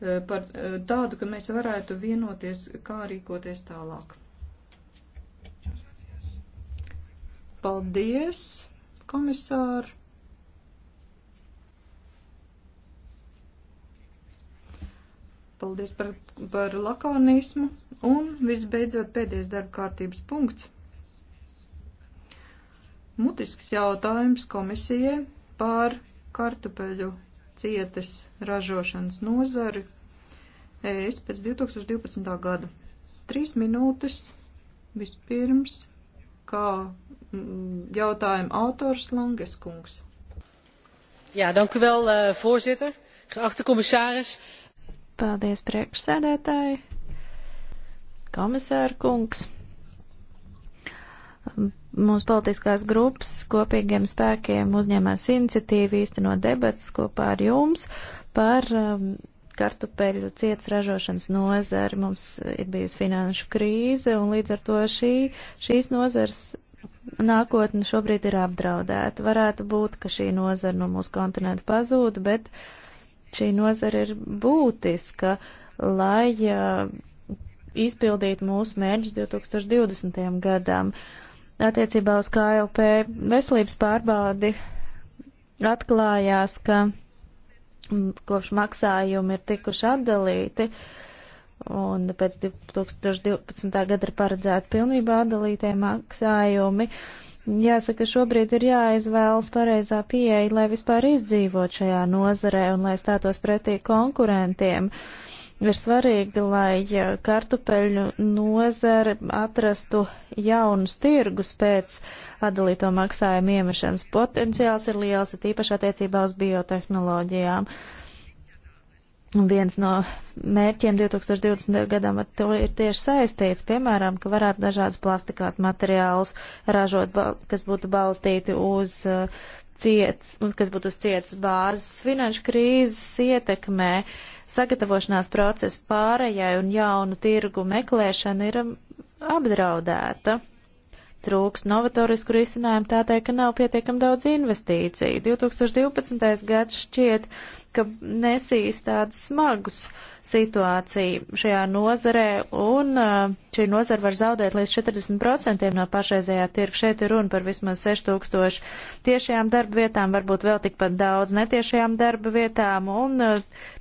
Eh, par eh, tādu, ka mēs varētu vienoties, kā rīkoties tālāk. Paldies, komisār! Paldies par, par lakonismu un visbeidzot pēdējais darba kārtības punkts. Mutisks jautājums komisijai par kartupeļu cietas ražošanas nozari es pēc 2012. gada. Trīs minūtes vispirms, kā mm, jautājuma autors Langes kungs. Jā, dank u vēl, eh, voorzitter, geachte commissaris. Paldies, priekšsēdētāji, komisāra kungs mūsu politiskās grupas kopīgiem spēkiem uzņēmās iniciatīvu īstenot debats kopā ar jums par um, kartupeļu ciets ražošanas nozari. Mums ir bijusi finanšu krīze un līdz ar to šī, šīs nozars nākotne šobrīd ir apdraudēta. Varētu būt, ka šī nozara no mūsu kontinenta pazūd, bet šī nozara ir būtiska, lai uh, izpildītu mūsu mērķus 2020. gadam. Uh, attiecībā uz KLP veselības pārbaudi atklājās, ka kopš maksājumi ir tikuši atdalīti, un pēc 2012. gada ir paredzēti pilnībā atdalītie maksājumi. Jāsaka, šobrīd ir jāizvēlas pareizā pieeja, lai vispār izdzīvot šajā nozarē un lai stātos pretī konkurentiem. Uh, ir svarīgi, lai kartupeļu nozare atrastu jaunus tirgus pēc atdalīto maksājumu iemešanas. Potenciāls ir liels, ir tīpaši attiecībā uz biotehnoloģijām. Viens no mērķiem 2020. gadam ar to ir tieši saistīts, piemēram, ka varētu dažādas plastikāt materiālus ražot, kas būtu balstīti uz uh, ciets, kas būtu uz cietas bāzes finanšu krīzes ietekmē. Uh, sagatavošanās procesa pārējai un jaunu tirgu meklēšana ir um, apdraudēta. Trūks novatorisku risinājumu tādēļ, ka nav pietiekam daudz investīciju. 2012. gads šķiet ka nesīs tādu smagus situāciju šajā nozarē, un uh, šī nozara var zaudēt līdz 40% no pašreizējā tirka. Šeit ir runa par vismaz 6000 tiešajām darba vietām, varbūt vēl tikpat daudz netiešajām darba vietām, un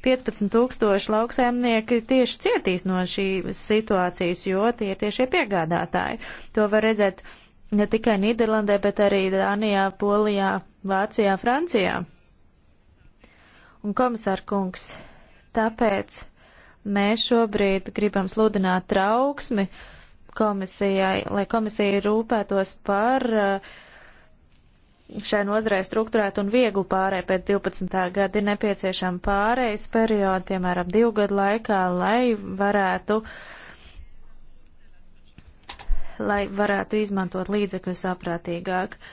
15000 uh, lauksēmnieki tieši cietīs no šīs situācijas, jo tie ir tiešie piegādātāji. To var redzēt ne tikai Nīderlandē, bet arī Dānijā, Polijā, Vācijā, Francijā un komisārkungs. Tāpēc mēs šobrīd gribam sludināt trauksmi komisijai, lai komisija rūpētos par eh, šai nozarei struktūrētu un vieglu pārēju pēc 12. gada ir nepieciešama pārējais perioda, piemēram, divu gadu laikā, lai varētu lai varētu izmantot līdzekļus saprātīgāk. Uh,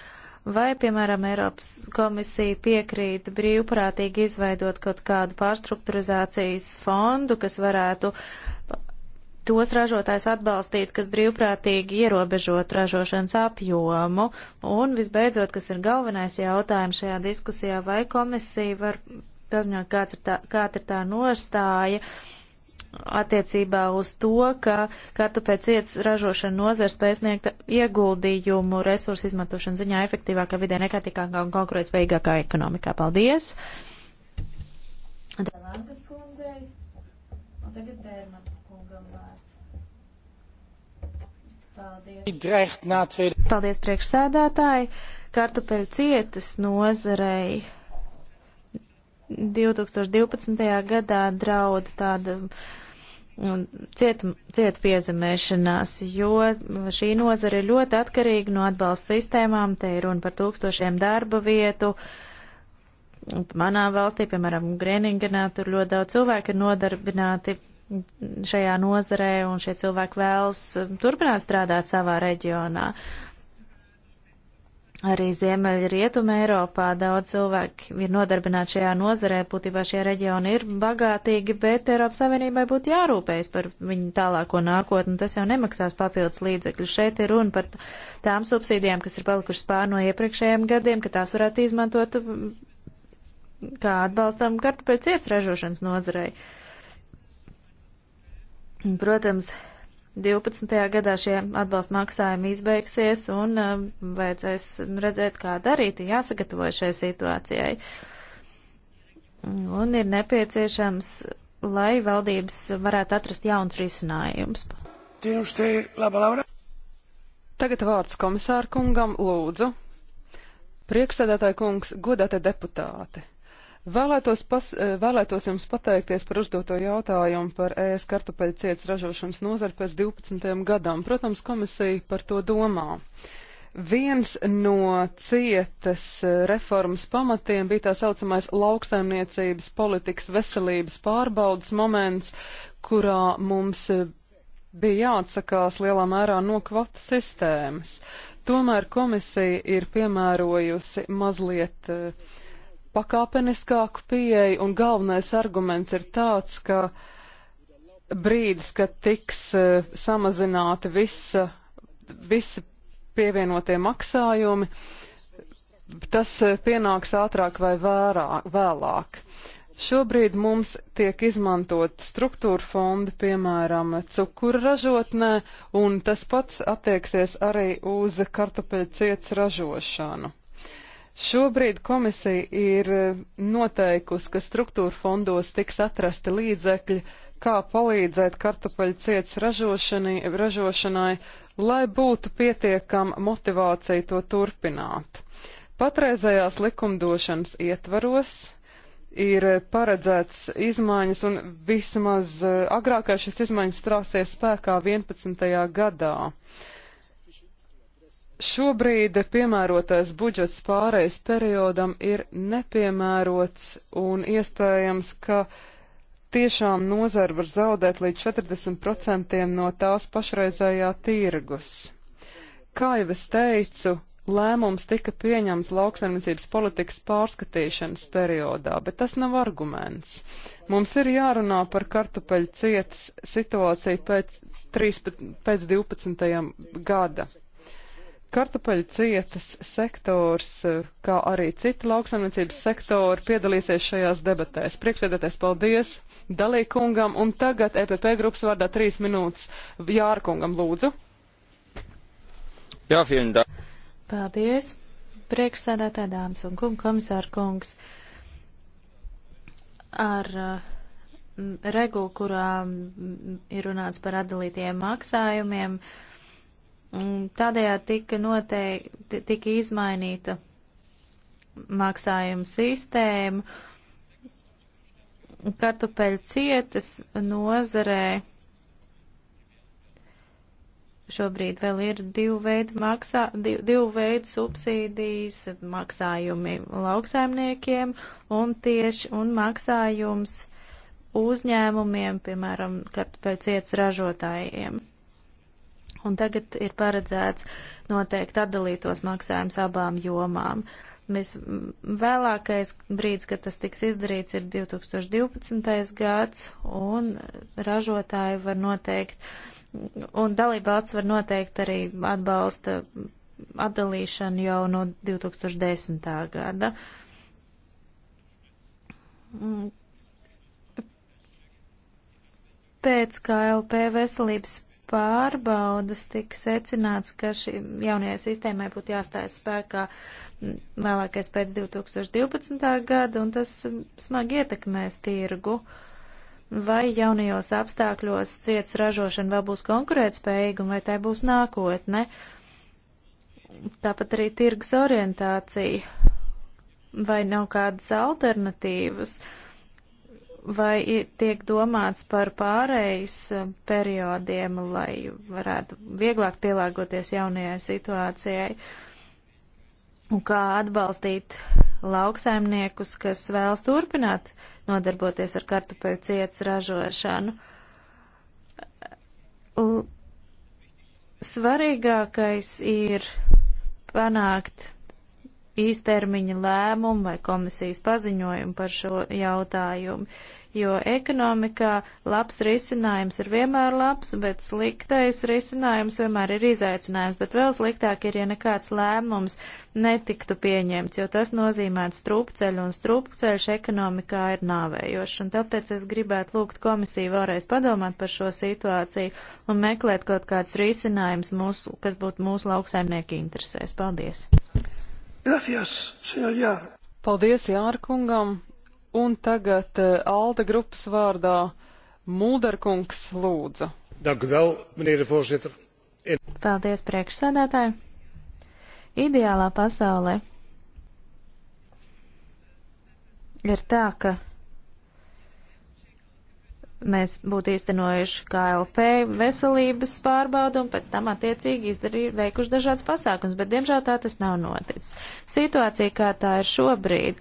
Vai, piemēram, Eiropas komisija piekrīt brīvprātīgi izveidot kaut kādu pārstruktūrizācijas fondu, kas varētu tos ražotājs atbalstīt, kas brīvprātīgi ierobežot ražošanas apjomu? Un, visbeidzot, kas ir galvenais jautājums šajā diskusijā, vai komisija var paziņot, kāds ir tā, kāda ir tā nostāja? Uh, attiecībā uz to, ka kartu pēc vietas ražošana nozars spēj sniegt ieguldījumu resursu izmantošanu ziņā efektīvākā vidē nekā tikākā un konkurētspējīgākā ekonomikā. Paldies! Delankas kundzei, un tagad Bērman kungam vārds. Paldies. Paldies priekšsēdētāji. Kartupeļu cietas nozarei 2012. gadā draud tāda cieta ciet piezemēšanās, jo šī nozara ir ļoti atkarīga no atbalsta sistēmām, te ir runa par tūkstošiem darba vietu. Manā valstī, piemēram, Greningenā, tur ļoti daudz cilvēku ir nodarbināti šajā nozarē, un šie cilvēki vēlas turpināt strādāt savā reģionā. Arī Ziemeļa Rietuma Eiropā daudz cilvēku ir nodarbināti šajā nozarē, būtībā šie reģioni ir bagātīgi, bet Eiropas Savienībai būtu jārūpējas par viņu tālāko nākotni, tas jau nemaksās papildus līdzekļu. Šeit ir runa par tām subsīdijām, kas ir palikušas pār no iepriekšējiem gadiem, ka tās varētu izmantot mm, kā atbalstam kartupeļu cietas ražošanas nozarei. Protams, 12. gadā šie atbalsta maksājumi izbeigsies un um, vajadzēs redzēt, kā darīt, jāsagatavo šai situācijai. Un ir nepieciešams, lai valdības varētu atrast jauns risinājums. Tagad vārds komisāra kungam lūdzu. Priekšsēdētāja kungs, godātie deputāti. Vēlētos, pas, e, vēlētos jums pateikties par uzdoto jautājumu par ēst kartupeļu cietas ražošanas nozari pēc 12 gadām. Protams, komisija par to domā. Viens no cietas e, reformas pamatiem bija tā saucamais lauksaimniecības politikas veselības pārbaudas moments, kurā mums e, bija jāatsakās lielā mērā no kvotu sistēmas. Tomēr komisija ir piemērojusi mazliet uh, pakāpeniskāku pieeju, un galvenais arguments ir tāds, ka brīdis, kad tiks uh, samazināti visa, visi pievienotie maksājumi, tas uh, pienāks ātrāk vai vērāk, vēlāk. Šobrīd mums tiek izmantot struktūra fondi, piemēram, cukura ražotnē, un tas pats attieksies arī uz kartupeļu ciets ražošanu. Šobrīd komisija ir eh, noteikusi, ka struktūra fondos tiks atrasti līdzekļi, kā palīdzēt kartupeļu cietas ražošanai, lai būtu pietiekama motivācija to turpināt. Patreizējās likumdošanas ietvaros ir paredzēts izmaiņas, un vismaz eh, agrākais šis izmaiņas strāsies spēkā 11. gadā. Šobrīd piemērotais budžets pārējais periodam ir nepiemērots un iespējams, ka tiešām nozara var zaudēt līdz 40% no tās pašreizējā tirgus. Kā jau es teicu, lēmums tika pieņems lauksaimniecības politikas pārskatīšanas periodā, bet tas nav arguments. Mums ir jārunā par kartupeļu cietas situāciju pēc, 13, pēc 12. gada. Kartupeļu cietas sektors, eh, kā arī citi lauksaimniecības sektori, piedalīsies šajās debatēs. Priekšsēdētājs paldies dalīkungam, un tagad EPP grupas vārdā trīs minūtes Jārkungam lūdzu. Jā, fiendā. Paldies, priekšsēdētāji dāmas un kungi, komisāra kungs. Ar uh, regulu, kurā ir runāts par atdalītiem maksājumiem, uh, Tādējādi tika, noteik, tika izmainīta maksājuma sistēma. Kartupeļu cietas nozarē šobrīd vēl ir divu veidu, maksā, div, divu veidu subsīdijas, maksājumi lauksaimniekiem un tieši un maksājums uzņēmumiem, piemēram, kartupeļu cietas ražotājiem. Un tagad ir paredzēts noteikti atdalītos maksājums abām jomām. Mēs vēlākais brīdis, kad tas tiks izdarīts, ir 2012. gads, un ražotāji var noteikt, un dalībvalsts var noteikt arī atbalsta atdalīšanu jau no 2010. gada. Pēc KLP veselības pārbaudas tika secināts, ka šī jaunajai sistēmai būtu jāstājas spēkā vēlākais pēc 2012. gada, un tas smagi ietekmēs tirgu. Vai jaunajos apstākļos ciets ražošana vēl būs konkurētspējīga, un vai tai būs nākotne? Tāpat arī tirgus orientācija. Vai nav kādas alternatīvas? Uh, vai tiek domāts par pārejas e, periodiem, lai varētu vieglāk pielāgoties jaunajai situācijai, un kā atbalstīt lauksaimniekus, kas vēlas turpināt nodarboties ar kartupeļu cietas ražošanu. Svarīgākais ir panākt īstermiņa lēmumu vai komisijas paziņojumu par šo jautājumu, jo ekonomikā labs risinājums ir vienmēr labs, bet sliktais risinājums vienmēr ir izaicinājums, bet vēl sliktāk ir, ja nekāds lēmums netiktu pieņemts, jo tas nozīmētu strupceļu, un strupceļš ekonomikā ir nāvējošs, un tāpēc es gribētu lūgt komisiju vēlreiz padomāt par šo situāciju un meklēt kaut kāds risinājums, mūsu, kas būtu mūsu lauksaimnieku interesēs. Paldies! Gracias, senor Jār. Paldies Jārkungam. Un tagad eh, Alda grupas vārdā Mulderkungs lūdzu. Dank u wel, meneer de voorzitter. In... Paldies priekšsēdētāji. Ideālā pasaulē ir tā, ka mēs būtu īstenojuši KLP veselības pārbaudu un pēc tam attiecīgi izdarīju, veikuši dažādas pasākums, bet diemžēl tā tas nav noticis. Situācija, kā tā ir šobrīd,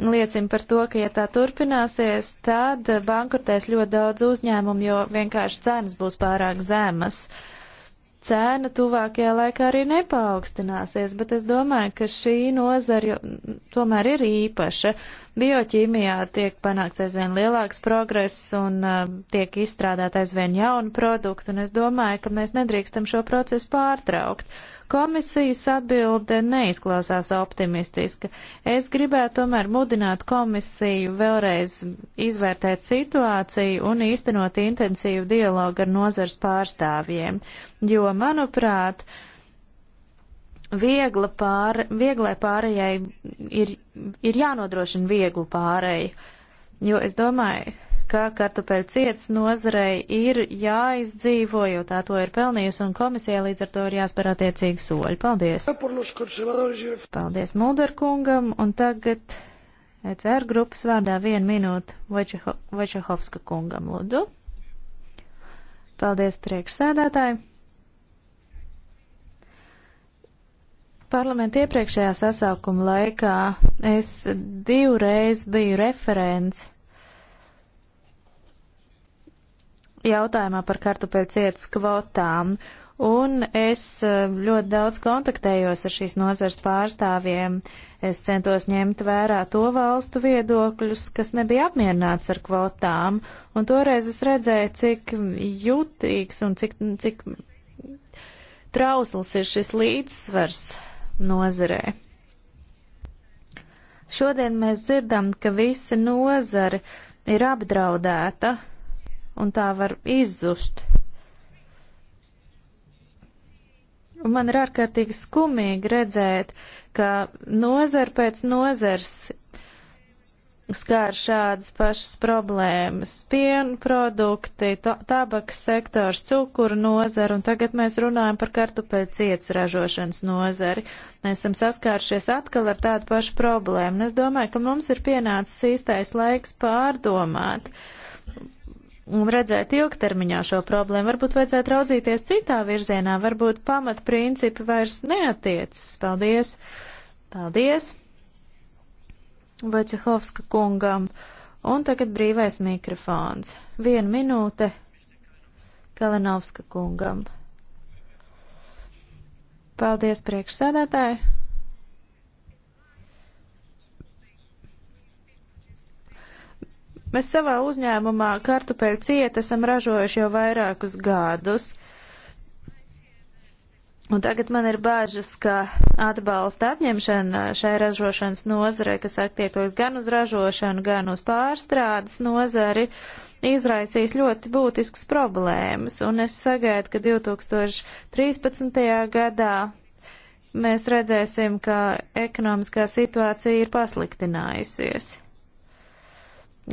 liecina par to, ka ja tā turpināsies, tad bankrotēs ļoti daudz uzņēmumu, jo vienkārši cenas būs pārāk zemas. Cēna tuvākajā laikā arī nepaaugstināsies, bet es domāju, ka šī nozara tomēr ir īpaša Bioķīmijā tiek panākts aizvien lielāks progress un uh, tiek izstrādāt aizvien jaunu produktu, un es domāju, ka mēs nedrīkstam šo procesu pārtraukt. Komisijas atbilde neizklausās optimistiska. Es gribētu tomēr mudināt komisiju vēlreiz izvērtēt situāciju un īstenot intensīvu dialogu ar nozars pārstāvjiem, jo, manuprāt, uh, viegla pār, vieglai pārējai ir, ir jānodrošina vieglu pārēju, jo es domāju, ka kartupeļu cietas nozarei ir jāizdzīvo, jo tā to ir pelnījusi, un komisija līdz ar to ir jāspēr attiecīgi soļi. Paldies! Paldies Mulderkungam, un tagad ECR grupas vārdā vienu minūtu Vojčehovska kungam, lūdzu. Paldies priekšsēdētāji! Parlamenta iepriekšējā sasaukuma laikā es divreiz biju referents jautājumā par kartupeļu cietas kvotām, un es eh, ļoti daudz kontaktējos ar šīs nozars pārstāvjiem. Es centos ņemt vērā to valstu viedokļus, kas nebija apmierināts ar kvotām, un toreiz es redzēju, cik jutīgs un cik, cik trausls ir šis līdzsvars nozarē. Šodien mēs dzirdam, ka visa nozare ir apdraudēta un tā var izzust. Un man ir ārkārtīgi skumīgi redzēt, ka nozara pēc nozars skār šādas pašas problēmas. Piena produkti, tabaks sektors, cukuru nozara, un tagad mēs runājam par kartupeļu cietas ražošanas nozari. Mēs esam saskāršies atkal ar tādu pašu problēmu, un es domāju, ka mums ir pienācis īstais laiks pārdomāt un redzēt ilgtermiņā šo problēmu. Varbūt vajadzētu raudzīties citā virzienā, varbūt pamatprincipi vairs neatiecas. Paldies! Paldies! Vaicehovska kungam. Un tagad brīvais mikrofons. Viena minūte Kalinovska kungam. Paldies priekšsēdētāji. Mēs savā uzņēmumā kartupeļu ciet esam ražojuši jau vairākus gadus. Un tagad man ir bāžas, ka atbalsta atņemšana šai ražošanas nozarei, kas attiektos gan uz ražošanu, gan uz pārstrādes nozari, izraisīs ļoti būtiskas problēmas. Un es sagaidu, ka 2013. gadā mēs redzēsim, ka ekonomiskā situācija ir pasliktinājusies.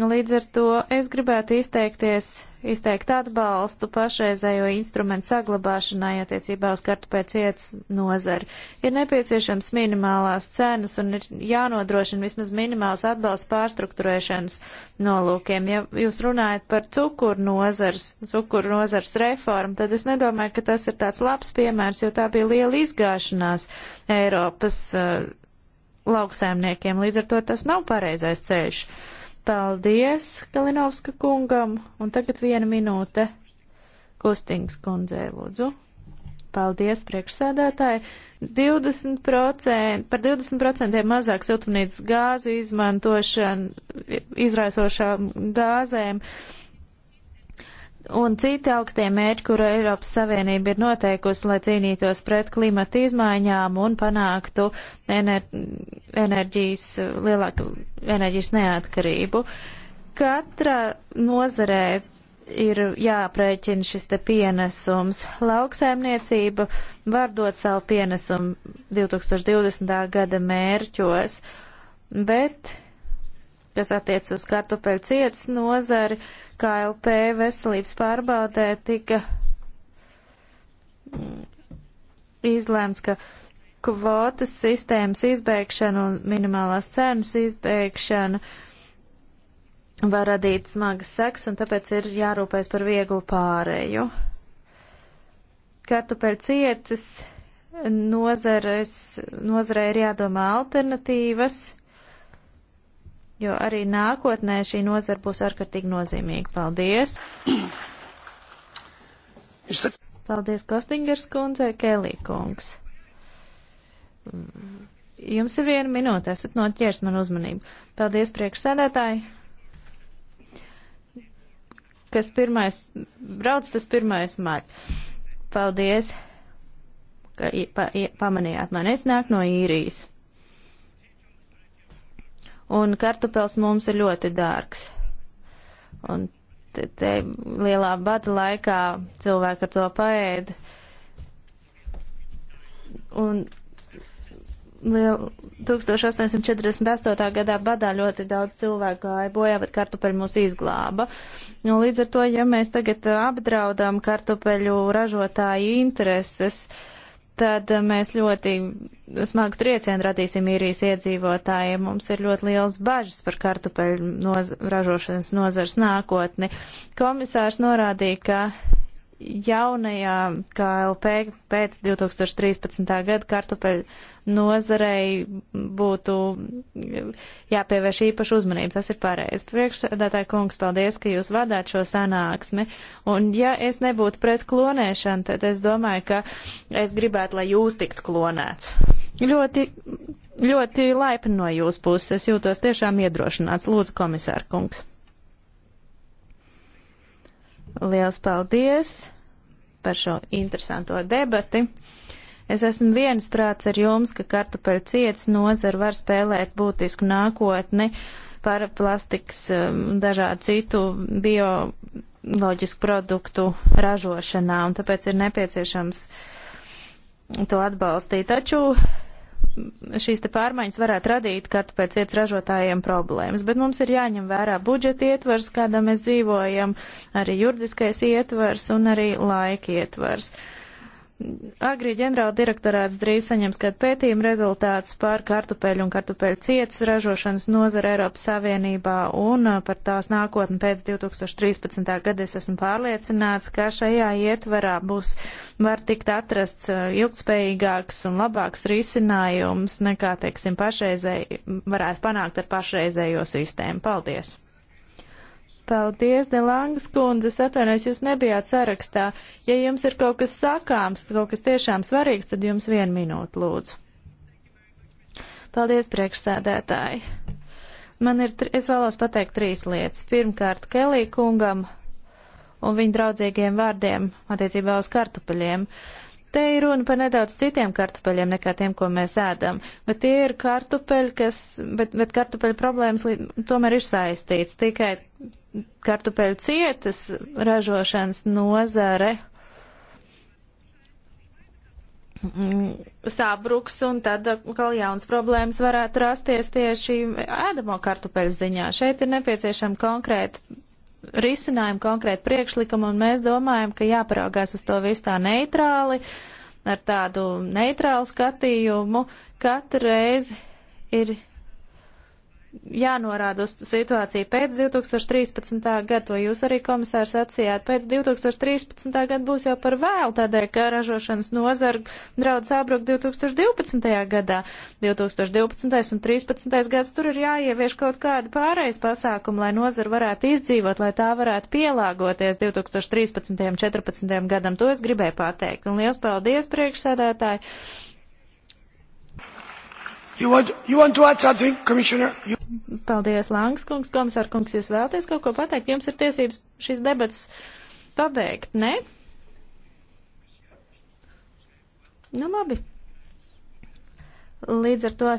Līdz ar to es gribētu izteikties izteikt atbalstu pašreizējo instrumentu saglabāšanai attiecībā uz kartupēcietas nozari. Ir nepieciešams minimālās cenas un ir jānodrošina vismaz minimāls atbalsts pārstruktūrēšanas nolūkiem. Ja jūs runājat par cukuru nozars, cukuru nozars reformu, tad es nedomāju, ka tas ir tāds labs piemērs, jo tā bija liela izgāšanās Eiropas uh, lauksaimniekiem. Līdz ar to tas nav pareizais ceļš. Uh, Paldies Kalinovska kungam, un tagad viena minūte Kustings kundzei, lūdzu. Paldies, priekšsēdētāji. 20%, par 20% mazāk siltumnīcas gāzu izmantošana izraisošām gāzēm un citi augstie mērķi, kuru Eiropas Savienība ir noteikusi, lai cīnītos pret klimata izmaiņām un panāktu ener enerģijas, lielāku enerģijas neatkarību. Katra nozarē ir jāprēķina šis te pienesums. Lauksaimniecība var dot savu pienesumu 2020. gada mērķos, bet kas attiec uz kartupeļu cietas nozari, KLP veselības pārbaudē tika mm, izlēms, ka kvotas sistēmas izbēgšana un minimālās cenas izbēgšana var radīt smagas seks, un tāpēc ir jārūpēs par vieglu pārēju. Kartupeļu cietas nozares, nozarē ir jādomā alternatīvas jo arī nākotnē šī nozara būs ārkārtīgi nozīmīga. Paldies! Paldies, Kostingers kundze, Kelī kungs. Jums ir viena minūte, esat noķērs man uzmanību. Paldies, priekšsēdētāji! Kas pirmais brauc, tas pirmais maļ. Paldies, ka pa, pamanījāt mani. Es nāku no īrijas un kartupels mums ir ļoti dārgs. Un te, te lielā bada laikā cilvēki ar to paēda. Un liel, 1848. gadā badā ļoti daudz cilvēku gāja bojā, bet kartupeļu mūs izglāba. Nu, līdz ar to, ja mēs tagad apdraudām kartupeļu ražotāju intereses, uh, tad mēs ļoti smagu triecienu radīsim īrijas iedzīvotājiem. Mums ir ļoti liels bažas par kartupeļu noz ražošanas nozars nākotni. Komisārs norādīja, ka jaunajā KLP pēc 2013. gada kartupeļu nozarei būtu jāpievērš īpaša uzmanība. Tas ir pareizi. Priekšsēdētāji kungs, paldies, ka jūs vadāt šo sanāksmi. Un ja es nebūtu pret klonēšanu, tad es domāju, ka es gribētu, lai jūs tikt klonēts. Ļoti, ļoti laipni no jūsu puses. Es jūtos tiešām iedrošināts. Lūdzu, komisāra kungs. Liels paldies par šo interesanto debati. Es esmu viensprāts ar jums, ka kartupeļu cietas nozara var spēlēt būtisku nākotni par plastikas um, dažādu citu bioloģisku produktu ražošanā, un tāpēc ir nepieciešams to atbalstīt. Taču šīs te pārmaiņas varētu radīt kartu pēc vietas ražotājiem problēmas, bet mums ir jāņem vērā budžeta ietvars, kādā mēs dzīvojam, arī juridiskais ietvars un arī laika ietvars. Uh, Agri ģenerāla direktorāts drīz saņems kādu pētījumu rezultātus par kartupeļu un kartupeļu cietas ražošanas nozara Eiropas Savienībā un uh, par tās nākotni pēc 2013. gada es esmu pārliecināts, ka šajā ietvarā būs var tikt atrasts uh, ilgtspējīgāks un labāks risinājums nekā, teiksim, pašreizēji varētu panākt ar pašreizējo sistēmu. Paldies! Paldies, Delangas kundze, es atvainojos, jūs nebijāt sarakstā. Ja jums ir kaut kas sakāms, kaut kas tiešām svarīgs, tad jums vienu minūtu lūdzu. Paldies, priekšsēdētāji. Man ir, es vēlos pateikt trīs lietas. Pirmkārt, Kelī kungam un viņa draudzīgiem vārdiem attiecībā uz kartupeļiem. Te ir runa par nedaudz citiem kartupeļiem nekā tiem, ko mēs ēdam, bet tie ir kartupeļi, kas, bet, bet kartupeļu problēmas tomēr ir saistīts, tikai kartupeļu cietas ražošanas nozare sabruks, un tad atkal jauns problēmas varētu rasties tieši ēdamo kartupeļu ziņā. Šeit ir nepieciešama konkrēta risinājuma, konkrēta priekšlikuma, un mēs domājam, ka jāparaugās uz to visu tā neitrāli, ar tādu neitrālu skatījumu. Katru reizi ir jānorāda uz situāciju pēc 2013. gada, to jūs arī komisārs sacījāt, pēc 2013. gada būs jau par vēlu, tādēļ, ka ražošanas nozara draudz sabruk 2012. gadā. 2012. un 2013. gads tur ir jāievieš kaut kāda pārējais pasākuma, lai nozara varētu izdzīvot, lai tā varētu pielāgoties 2013. un 2014. gadam. To es gribēju pateikt. Un liels paldies priekšsēdētāji! You want, you want to add something, Commissioner? You... Paldies, Langs kungs, komisār kungs, jūs vēlaties kaut ko pateikt? Jums ir tiesības šīs debats pabeigt, ne? Nu, labi. Līdz ar to esam.